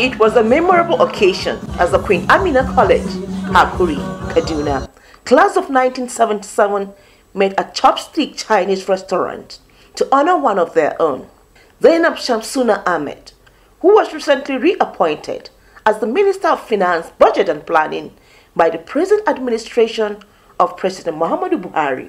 It was a memorable occasion as the Queen Amina College, Kakuri, Kaduna, class of 1977 met at Chopstick Chinese restaurant to honor one of their own, Zainab Shamsuna Ahmed, who was recently reappointed as the Minister of Finance, Budget and Planning by the present administration of President Muhammadu Buhari.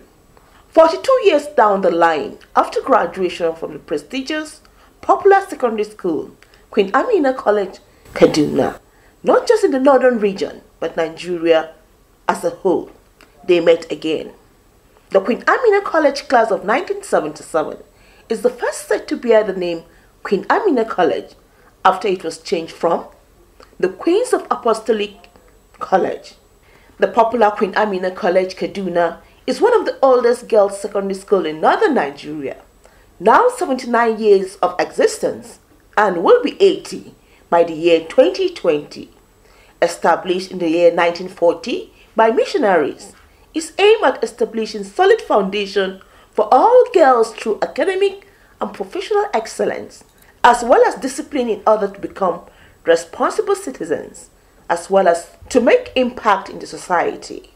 42 years down the line, after graduation from the prestigious popular secondary school, Queen Amina College, Kaduna, not just in the northern region, but Nigeria as a whole. They met again. The Queen Amina College class of 1977 is the first set to bear the name Queen Amina College after it was changed from the Queens of Apostolic College. The popular Queen Amina College, Kaduna, is one of the oldest girls' secondary school in northern Nigeria. Now 79 years of existence, and will be 80 by the year 2020. Established in the year 1940 by missionaries, its aim at establishing solid foundation for all girls through academic and professional excellence, as well as discipline in order to become responsible citizens, as well as to make impact in the society.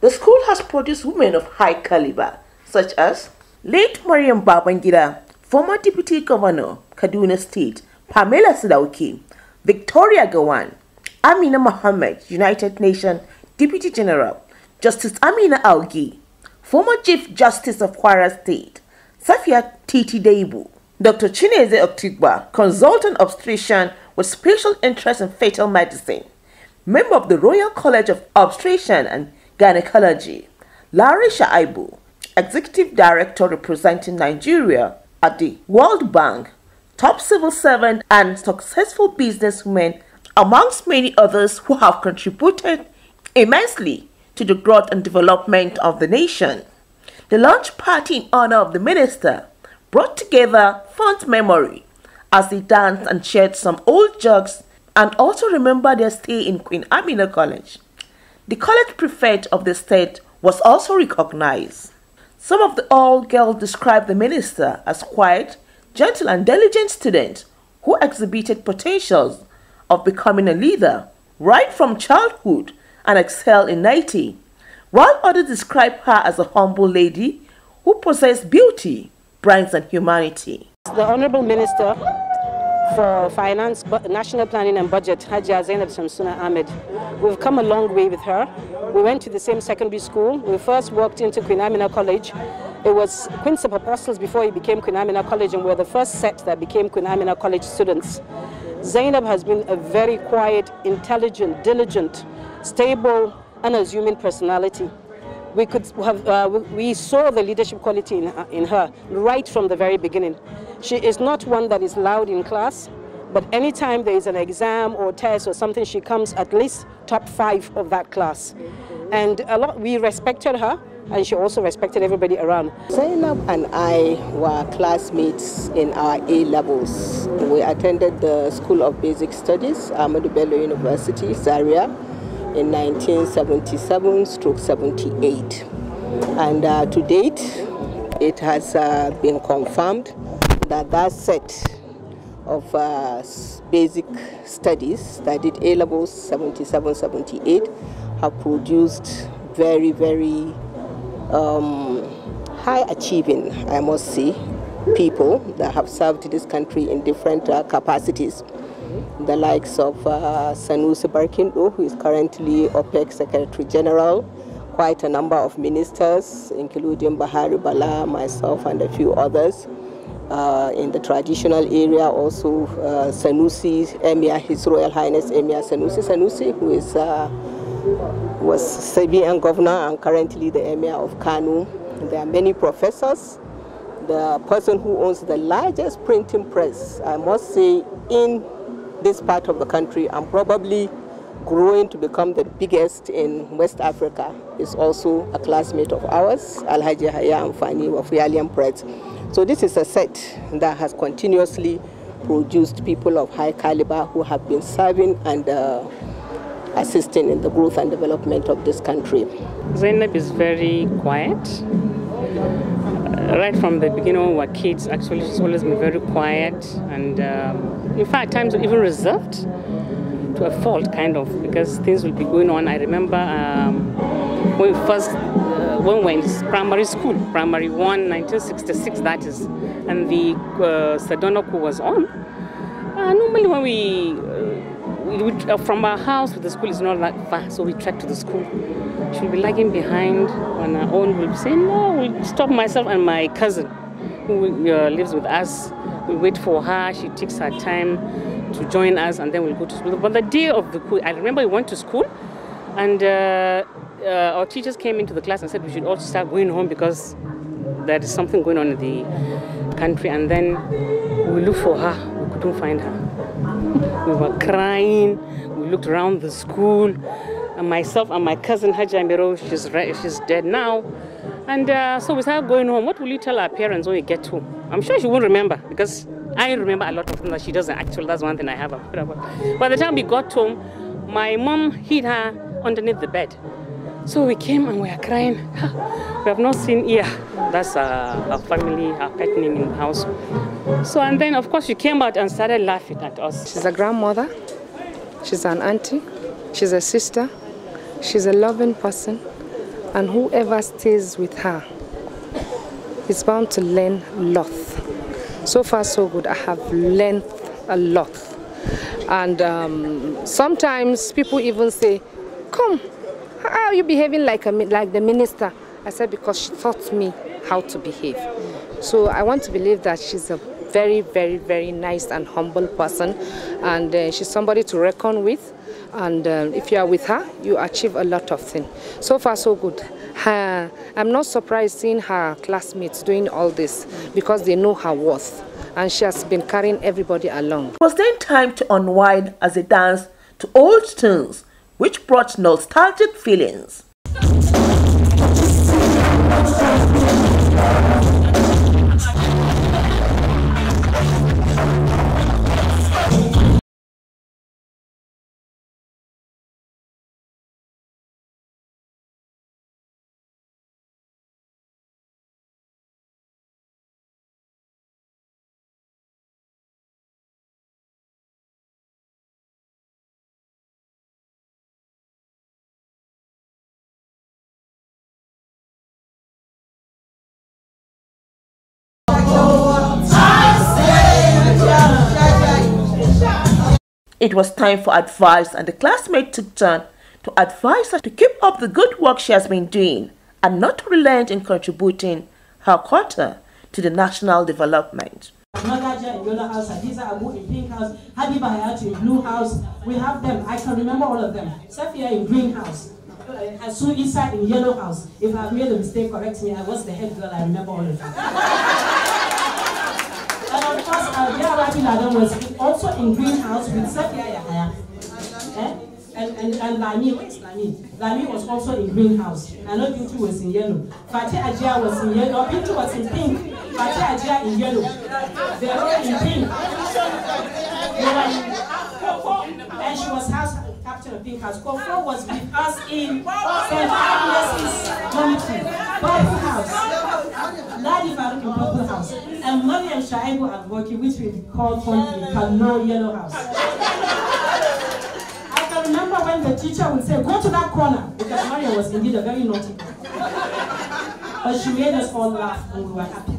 The school has produced women of high caliber, such as late Mariam Babangida, former Deputy Governor, Kaduna State, Pamela Sidauki, Victoria Gawan, Amina Mohammed, United Nations Deputy General, Justice Amina Algi, former Chief Justice of Kwara State, Safia Titi Deibu, Dr. Chineze Oktigba, consultant obstetrician with special interest in fetal medicine, member of the Royal College of Obstetrician and Gynecology, Larisha Aibu, executive director representing Nigeria at the World Bank, top civil servant and successful businessman, amongst many others who have contributed immensely to the growth and development of the nation. The launch party in honor of the minister brought together fond memory as they danced and shared some old jokes and also remembered their stay in Queen Amina College. The college prefect of the state was also recognized. Some of the old girls described the minister as quiet, gentle and diligent student who exhibited potentials of becoming a leader right from childhood and excelled in 80. while others described her as a humble lady who possessed beauty, brains and humanity. The Honorable Minister for Finance, National Planning and Budget, Haji Zainab Samsuna Ahmed. We've come a long way with her we went to the same secondary school. We first walked into Queen Amina College. It was Prince of Apostles before he became Queen Amina College and we were the first set that became Queen Amina College students. Zainab has been a very quiet, intelligent, diligent, stable, unassuming personality. We, could have, uh, we saw the leadership quality in her, uh, in her right from the very beginning. She is not one that is loud in class. But anytime there is an exam or test or something, she comes at least top five of that class. And a lot, we respected her and she also respected everybody around. Zainab and I were classmates in our A levels. We attended the School of Basic Studies, Ahmadu Bello University, Zaria, in 1977 stroke 78. And uh, to date, it has uh, been confirmed that that set of uh, basic studies that did A levels 77 78 have produced very, very um, high achieving, I must say, people that have served this country in different uh, capacities. The likes of uh, Sanusi Barkindo, who is currently OPEC Secretary General, quite a number of ministers, including Bahari Bala, myself, and a few others uh, in the traditional area, also uh, Sanusi, Emir, His Royal Highness Emir Sanusi Sanusi, who is uh, was Serbian governor and currently the Emir of Kanu. There are many professors. The person who owns the largest printing press, I must say, in this part of the country and probably growing to become the biggest in West Africa is also a classmate of ours, Alhaji Haya Amfani of Yalian Press. So this is a set that has continuously produced people of high caliber who have been serving and uh, assisting in the growth and development of this country. Zainab is very quiet. Right from the beginning when we were kids, actually, she's always been very quiet and, um, in fact, times times even reserved to a fault, kind of, because things will be going on. I remember um, when we first when we in primary school, primary one, 1966, that is, and the uh, Sedonoku was on. Uh, normally, when we, uh, we uh, from our house to the school is not that far, so we trek to the school. She'll be lagging behind on her own. We'll say, No, we'll stop myself and my cousin who uh, lives with us. We wait for her, she takes her time to join us, and then we'll go to school. But the day of the school, I remember we went to school and uh, uh, our teachers came into the class and said we should all start going home because there is something going on in the country. And then we looked for her, we couldn't find her. we were crying, we looked around the school. And myself and my cousin Hajamiro, she's, right, she's dead now. And uh, so we started going home. What will you tell our parents when we get home? I'm sure she won't remember because I remember a lot of things that she doesn't actually. That's one thing I have. By the time we got home, my mom hid her underneath the bed so we came and we are crying. we have not seen here. That's a, a family, a pet name in the house. So and then of course she came out and started laughing at us. She's a grandmother. She's an auntie. She's a sister. She's a loving person. And whoever stays with her is bound to learn lot. So far so good. I have learned a lot. And um, sometimes people even say, come, how ah, are you behaving like, a, like the minister? I said, because she taught me how to behave. So I want to believe that she's a very, very, very nice and humble person. And uh, she's somebody to reckon with. And uh, if you are with her, you achieve a lot of things. So far, so good. Her, I'm not surprised seeing her classmates doing all this because they know her worth. And she has been carrying everybody along. It was then time to unwind as they danced to old tunes which brought nostalgic feelings. It was time for advice, and the classmate took turn to advise her to keep up the good work she has been doing and not to relent in contributing her quota to the national development. Magaja in yellow house, Hadiza Abu in pink house, Hadiba Hayatu in blue house. We have them. I can remember all of them. Safia in green house. Uh, Asu Isa in yellow house. If I've made a mistake, correct me. I was the head girl. I remember all of them. And of course, Albia uh, Lakiladon was also in greenhouse with Sakia Yahaya. Eh? And, and, and Lami, where is Lami? Lami was also in greenhouse. I know Bintu was in yellow. Fatih Ajia was in yellow. Bintu oh, was in pink. Fatih Ajia in yellow. They were all in pink. They were in Coco, and she was house captain of pink house. Coco was with us in St. Agnes' committee, Bible house. Ladi Baruch House. And Mommy and Shaibu working, which we've called fondly Kano Yellow House. I can remember when the teacher would say, go to that corner, because Maria was indeed a very naughty girl. But she made us all laugh and we were happy.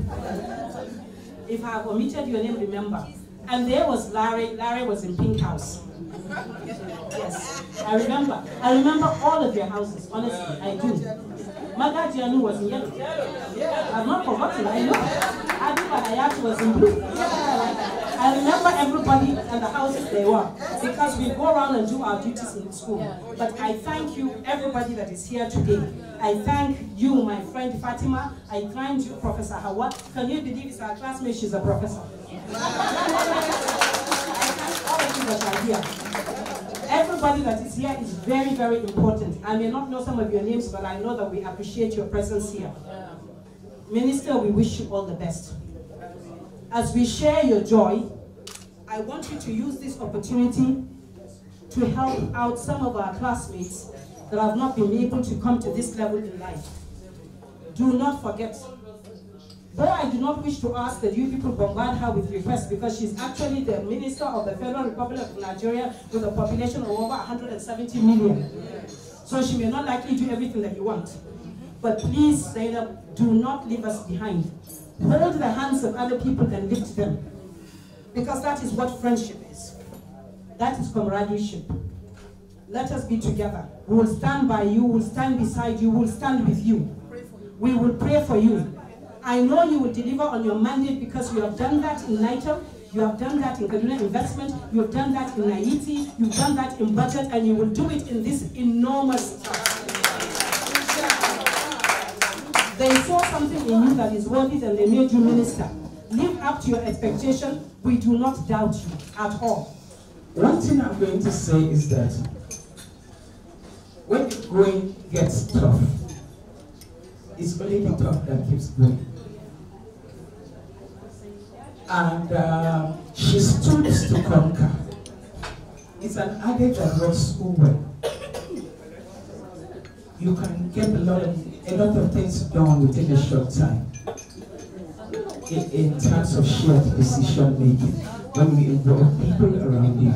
If I have omitted your name, remember. And there was Larry. Larry was in Pink House. Yes, I remember. I remember all of your houses, honestly, I do. My guardian was in yellow. I'm not forgotten, I know. Abiba Hayat was in blue. I remember everybody and the houses they were because we go around and do our duties in school. But I thank you, everybody that is here today. I thank you, my friend Fatima. I thank you, Professor Hawa. Can you believe it's our classmate? She's a professor. I thank all of you that are here everybody that is here is very, very important. I may not know some of your names, but I know that we appreciate your presence here. Minister, we wish you all the best. As we share your joy, I want you to use this opportunity to help out some of our classmates that have not been able to come to this level in life. Do not forget Though I do not wish to ask that you people bombard her with requests because she's actually the minister of the Federal Republic of Nigeria with a population of over 170 million. So she may not likely do everything that you want. But please, Zainab, do not leave us behind. Hold the hands of other people and lift them. Because that is what friendship is. That is comradeship. Let us be together. We will stand by you, we will stand beside you, we will stand with you. We will pray for you. I know you will deliver on your mandate because you have done that in Niger, you have done that in Kaduna Investment, you have done that in Haiti, you've done that in budget, and you will do it in this enormous task. They saw something in you that is worthy and they made you minister. Live up to your expectation. We do not doubt you at all. One thing I'm going to say is that when the going gets tough, it's only the tough that keeps going and uh, she stoops to conquer. It's an adage that works so well. You can get a lot of a lot of things done within a short time. In, in terms of shared decision making, when we involve people around you.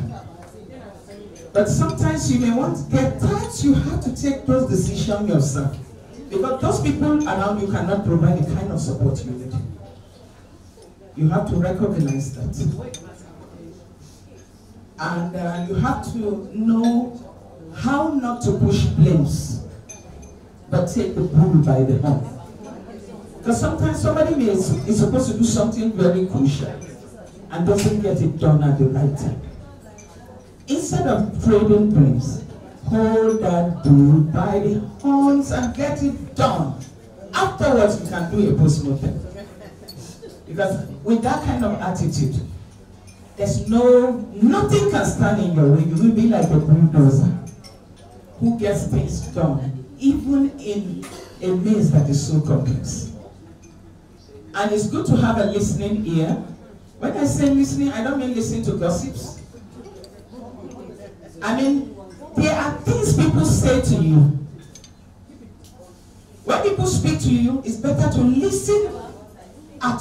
But sometimes you may want get times you have to take those decisions yourself. Because those people around you cannot provide the kind of support you need. You have to recognize that. And uh, you have to know how not to push blames, but take the bull by the horn. Because sometimes somebody may, is supposed to do something very crucial and doesn't get it done at the right time. Instead of trading blames, hold that bull by the horns and get it done. Afterwards, you can do a post-mortem. Because with that kind of attitude, there's no, nothing can stand in your way. You will be like a bulldozer who gets things done, even in a maze that is so complex. And it's good to have a listening ear. When I say listening, I don't mean listening to gossips. I mean, there are things people say to you. When people speak to you, it's better to listen at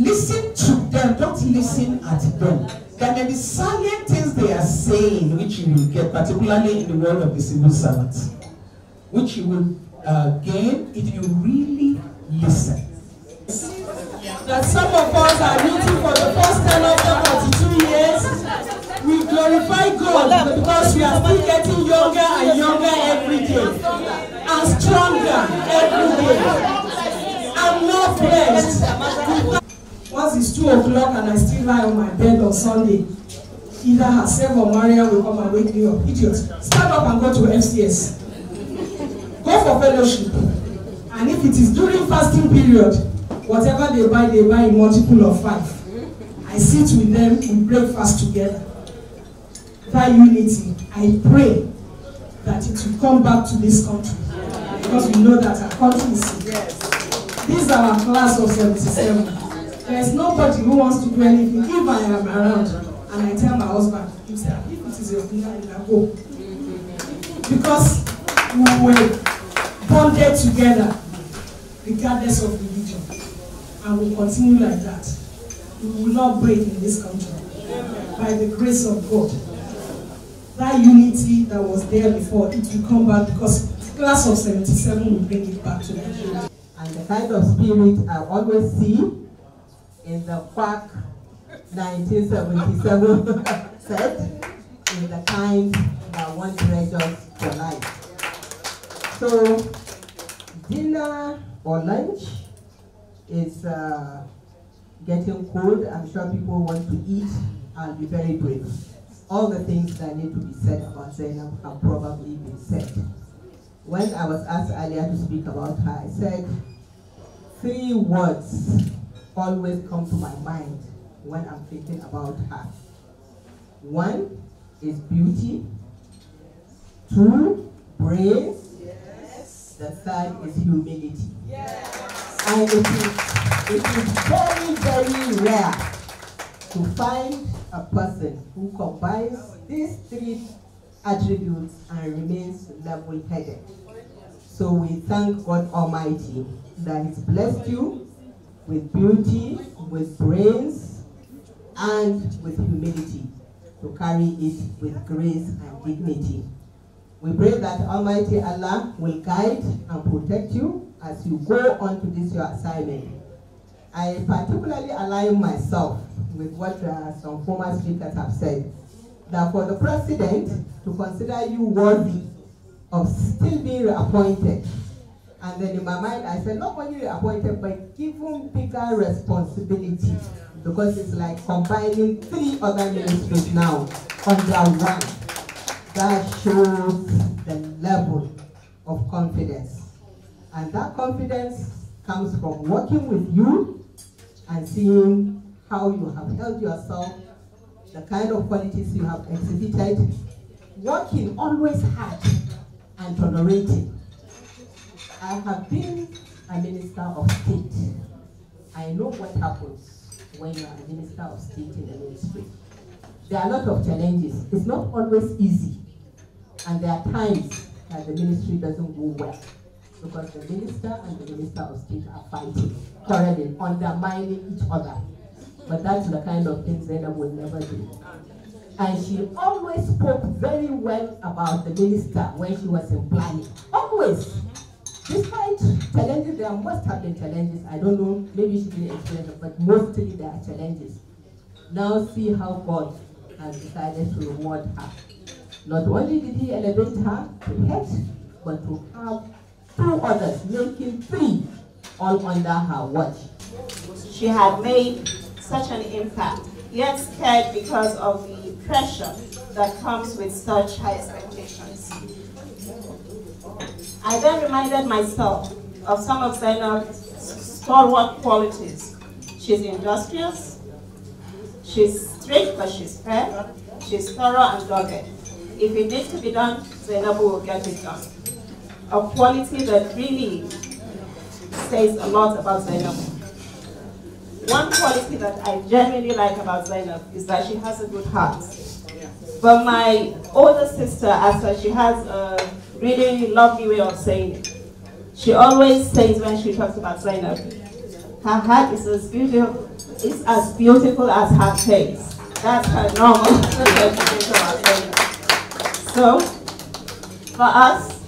Listen to them, don't listen at them. There may be silent things they are saying which you will get, particularly in the world of the civil servant, which you will uh, gain if you really listen. That some of us are meeting for the first time after 42 years, we glorify God because we are still getting younger and younger every day and stronger every day. I'm not blessed. Once it's two o'clock and I still lie on my bed on Sunday, either herself or Maria will come and wake me up. Idiot. Stand up and go to FCS. Go for fellowship. And if it is during fasting period, whatever they buy, they buy in multiple of five. I sit with them in breakfast together. That unity, I pray that it will come back to this country. Because we know that our country is sick. Yes. This is our class of 77. There's nobody who wants to do anything. If I am around and I tell my husband, he say, ah, if it is your opinion, I go. Because we were bonded together, regardless of religion. And we continue like that. We will not break in this country. By the grace of God. That unity that was there before, it will come back because class of 77 will bring it back to that. And the kind of spirit I always see in the Quack 1977 set in the kind that one not treasure life. So dinner or lunch is uh, getting cold. I'm sure people want to eat. I'll be very brief. All the things that need to be said about Zainab have probably been said. When I was asked earlier to speak about her, I said three words always come to my mind when I'm thinking about her. One is beauty. Two, brains. Yes. The third is humility. Yes. And it is, it is very, very rare to find a person who combines these three attributes and remains level-headed. So we thank God Almighty that He's blessed you with beauty, with brains, and with humility, to carry it with grace and dignity. We pray that Almighty Allah will guide and protect you as you go on to this your assignment. I particularly align myself with what uh, some former speakers have said, that for the president to consider you worthy of still being reappointed and then in my mind, I said, not only appointed, but given bigger responsibility. Because it's like combining three other ministries now under one. That shows the level of confidence. And that confidence comes from working with you and seeing how you have held yourself, the kind of qualities you have exhibited, working always hard and tolerating I have been a minister of state. I know what happens when you are a minister of state in the ministry. There are a lot of challenges. It's not always easy. And there are times that the ministry doesn't go well because the minister and the minister of state are fighting, quarreling, undermining each other. But that's the kind of things Zena will never do. And she always spoke very well about the minister when she was in planning. Always. Despite challenges, there must have been challenges. I don't know, maybe she didn't experience it, but mostly there are challenges. Now see how God has decided to reward her. Not only did he elevate her to head, but to have two others, making three, all under her watch. She had made such an impact, yet scared because of the pressure that comes with such high expectations. I then reminded myself of some of Zainab's stalwart qualities. She's industrious, she's strict but she's fair, she's thorough and dogged. If it needs to be done, Zainab will get it done. A quality that really says a lot about Zainab. One quality that I genuinely like about Zainab is that she has a good heart. But my older sister, as she has a really lovely way of saying it. She always says when she talks about Zainab, her heart is as beautiful, it's as beautiful as her face. That's her normal So, for us,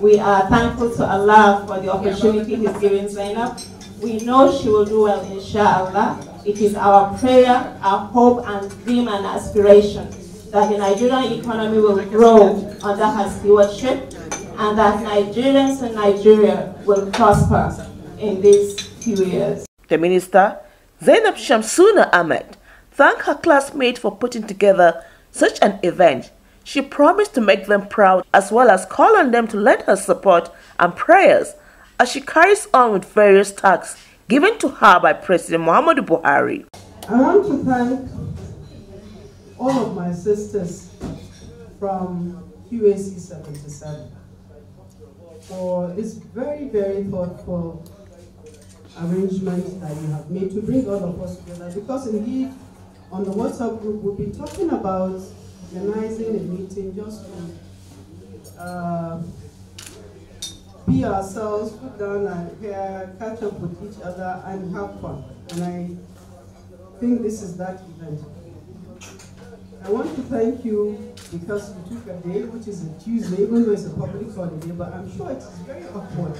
we are thankful to Allah for the opportunity He's given Zainab. We know she will do well, inshallah. It is our prayer, our hope, and dream and aspiration that the Nigerian economy will grow under her stewardship and that Nigerians and Nigeria will prosper in these few years. The minister, Zainab Shamsuna Ahmed, thanked her classmates for putting together such an event. She promised to make them proud as well as call on them to lend her support and prayers as she carries on with various tasks given to her by President Muhammad Buhari. I want to thank all of my sisters from QAC 77 for this very, very thoughtful arrangement that you have made to bring all of us together. Because indeed, on the WhatsApp group, we'll be talking about organizing a meeting just to uh, be ourselves, put down and catch up with each other and have fun. And I think this is that event. I want to thank you because you took a day, which is a Tuesday, even though it's a public holiday, but I'm sure it is very awkward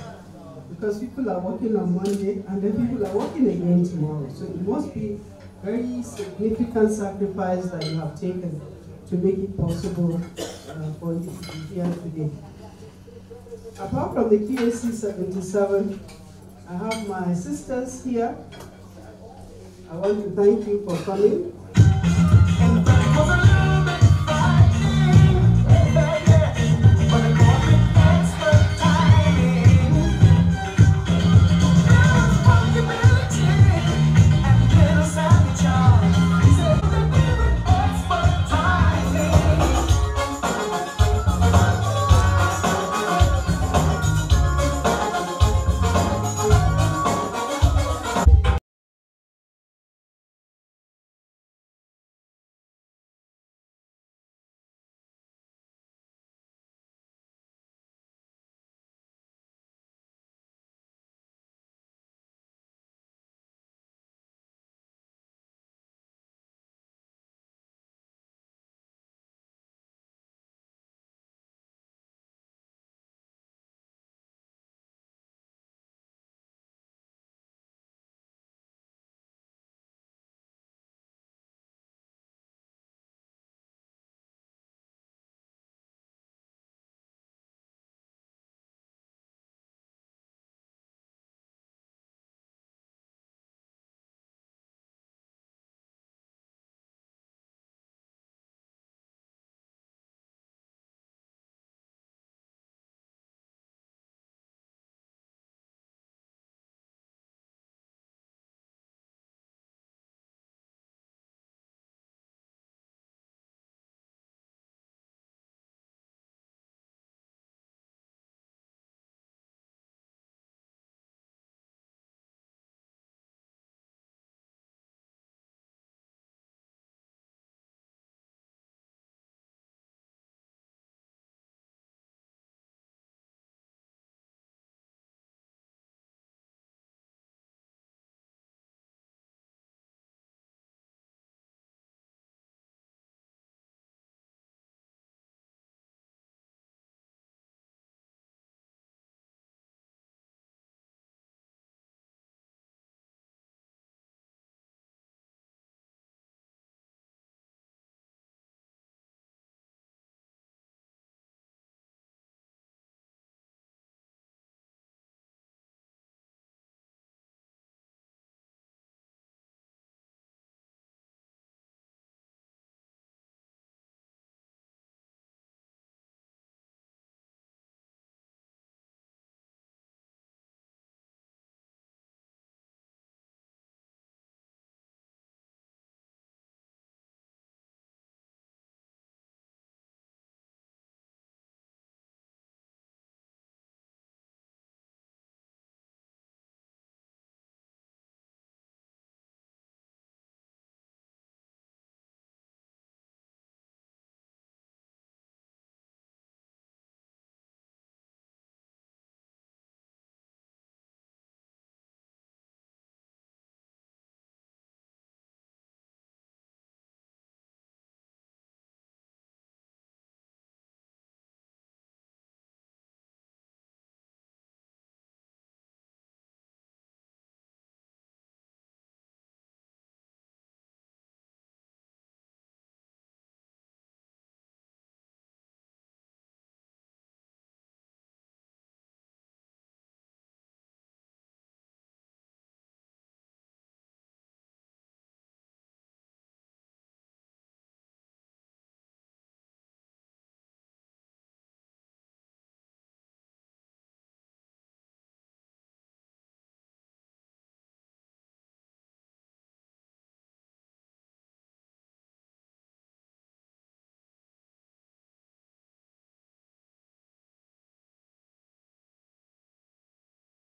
because people are working on Monday and then people are working again tomorrow. So it must be very significant sacrifice that you have taken to make it possible uh, for you to be here today. Apart from the QAC 77, I have my sisters here. I want to thank you for coming.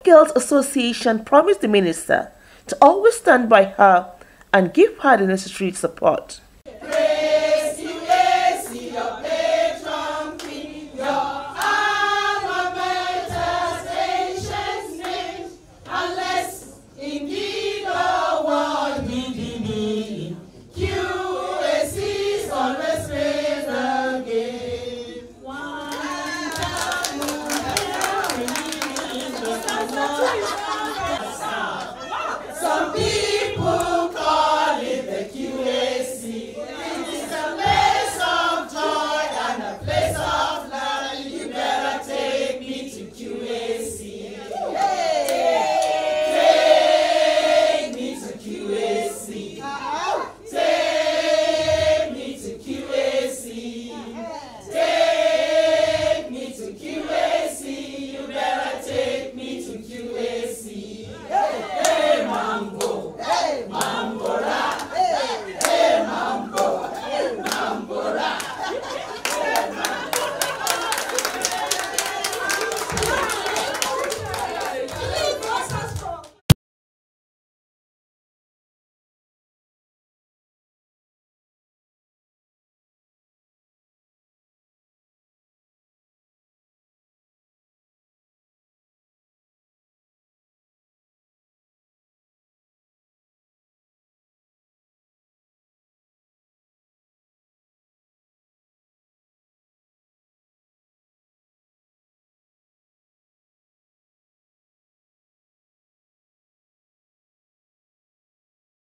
Girls Association promised the minister to always stand by her and give her the necessary support.